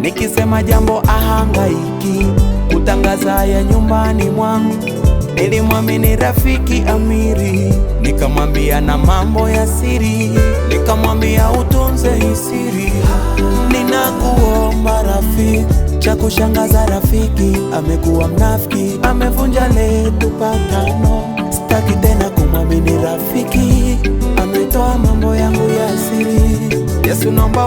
nikisema jambo ahangaiki kutangaza ya nyumbani mwangu. Nilimwamini rafiki Amiri, nikamwambia na mambo ya siri, nikamwambia utunze hisiri. Ninakuomba rafiki, cha kushangaza rafiki amekuwa mnafiki, amevunja letu patano. Sitaki tena kumwamini rafiki, ametoa mambo yangu ya siri. Yesu, naomba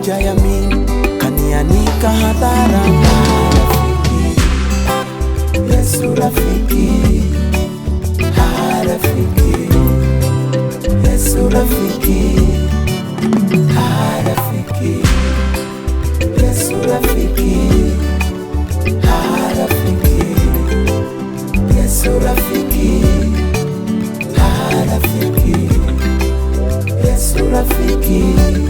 moja ya mimi kanianika hadhara. Rafiki Yesu, rafiki rafiki Yesu, rafiki ha, rafiki Yesu, rafiki rafiki Yesu, rafiki ha, rafiki Yesu, rafiki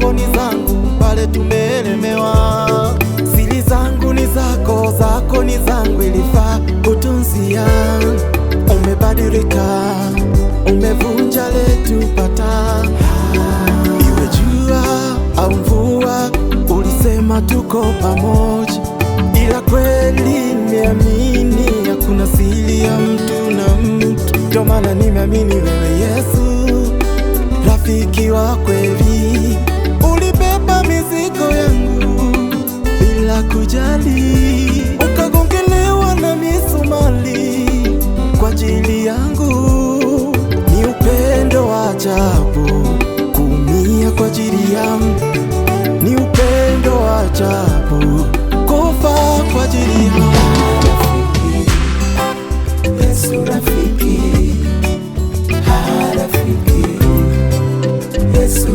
zako ni zangu, pale tumeelemewa. Siri zangu ni zako, zako ni zangu, ilifaa kutunzia. Umebadilika, umevunja letu pata, iwe jua au mvua. Ulisema tuko pamoja, ila kweli nimeamini, hakuna siri ya mtu na mtu, ndio maana nimeamini wewe Yesu, rafiki wa kweli.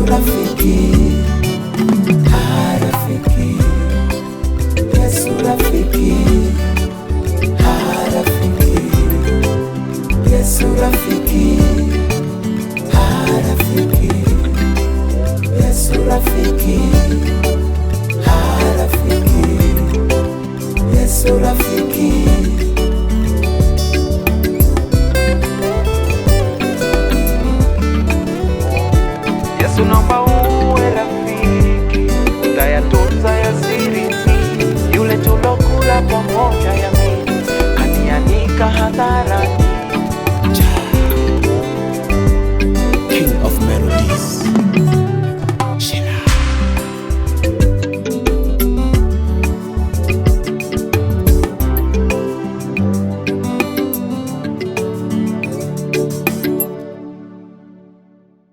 rafiki, ah, rafiki. Yesu rafiki, ah, rafiki. Yesu rafiki, ah, rafiki. Yesu rafiki, ah, rafiki. Yesu rafiki